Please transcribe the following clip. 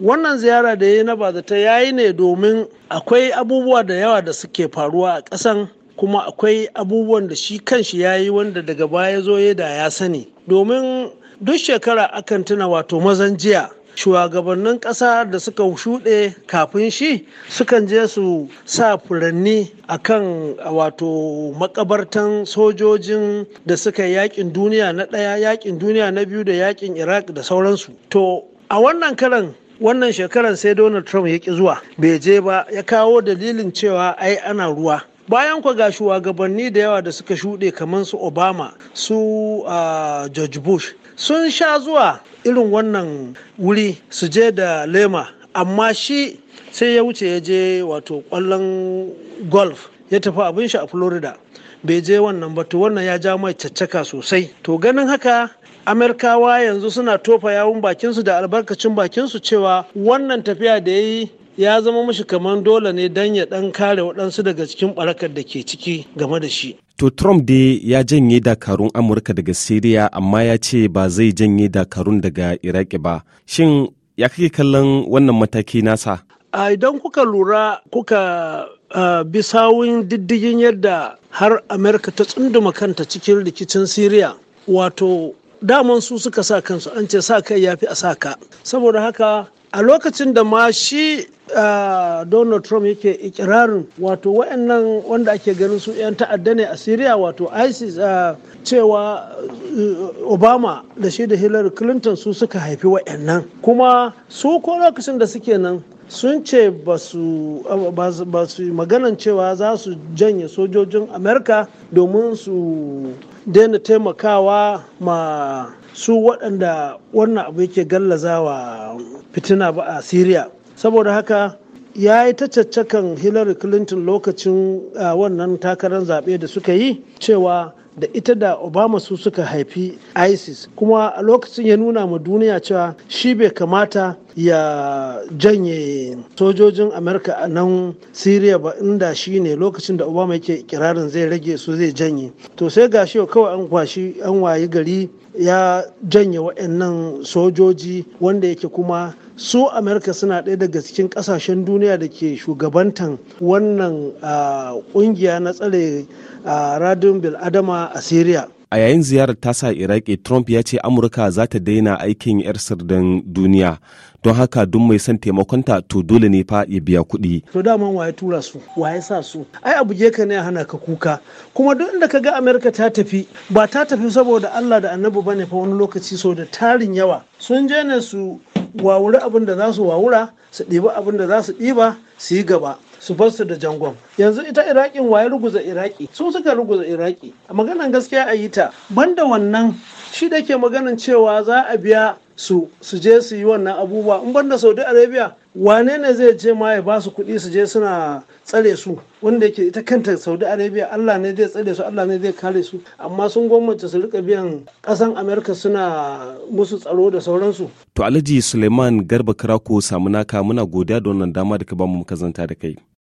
wannan ziyara da ya na bazata ya yi ne domin akwai abubuwa da yawa da suke faruwa a ƙasan kuma akwai abubuwan da shi kanshi ya yi wanda daga baya zo ya da ya sani domin duk shekara akan tuna wato mazan jiya shugabannin ƙasa da suka shuɗe kafin shi sukan je su sa furanni a kan wato makabartan sojojin da suka yakin duniya na ɗaya yakin duniya na biyu da yakin iraq da sauransu to a wannan karan wannan shekarar sai donald trump ya ki zuwa bai je ba ya kawo dalilin cewa ai ana ruwa bayan kwa ga shugabanni da yawa da suka shuɗe kamar su obama su uh, george bush sun sha zuwa irin wannan wuri su je da lema amma shi sai ya wuce ya je wato kwallon golf ya tafi abin shi a florida bai je wannan ba to wannan ya ja mai caccaka sosai to ganin haka amerikawa yanzu suna tofa yawun bakinsu da albarkacin bakinsu cewa wannan tafiya da ya yi ya zama mashi kamar dole ne don ya dan kare waɗansu daga cikin barakar da ke ciki game da shi. To Trump dai ya janye dakarun Amurka daga syria amma ya ce ba zai janye dakarun daga Iraki ba. Shin ya kake kallon wannan mataki nasa? A idan kuka lura kuka bisawun diddigin yadda har amerika ta tsunduma kanta cikin rikicin syria wato daman su suka sa kansu an ce sa kai ya fi a sa ka saboda haka a lokacin da ma shi donald trump yake ikirarin wato wa'annan wanda ake ganin su 'yan ta'adda ne a syria wato isis cewa uh, obama da shi da hillary clinton su suka haifi wa'annan kuma su ko lokacin da suke nan sun ce ba su maganan cewa za su janye sojojin amerika domin su daina taimakawa ma su waɗanda wannan abu yake gallazawa fitina ba a syria saboda haka ya yi ta caccakan hillary clinton lokacin wannan takarar zaɓe da suka yi cewa da ita da obama su suka haifi isis kuma a lokacin ya nuna ma duniya cewa shi bai kamata ya janye sojojin amurka a nan syria ba inda shi ne lokacin da obama yake kirarin zai rage su zai janye to sai shi kawai an kwashi an wayi gari ya janye waɗannan sojoji wanda yake kuma su amerika suna ɗaya daga cikin ƙasashen duniya da ke shugabantan wannan ah, ƙungiya na tsare ah, radin bil'adama a syria a yayin ziyarar tasa iraki trump ya ce amurka za ta daina aikin 'yar sirdin duniya don haka duk mai son taimakonta to dole ne fa ya biya kuɗi. to daman waye tura su waye sa su ai abu je ka ne hana ka kuka kuma duk inda ka ga amurka ta tafi ba ta tafi saboda allah da annabi bane fa wani lokaci so da tarin yawa sun je ne su wawuri abin da za su wawura su ɗiba abin da za su ɗiba su yi gaba su bar su da jangon yanzu ita wa waye ruguza iraki su suka ruguza iraki a maganan gaskiya a yi ta banda wannan shi da ke maganan cewa za a biya su su je su yi wannan abubuwa in banda saudi arabia wane ne zai je ma ya ba su kuɗi su je suna tsare su wanda yake ita kanta saudi arabia allah ne zai tsare su allah ne zai kare su amma sun gwamnati su rika biyan kasan amerika suna musu tsaro da sauransu to alhaji suleiman garba karako naka muna godiya da wannan dama da ka ba bamu kazanta da kai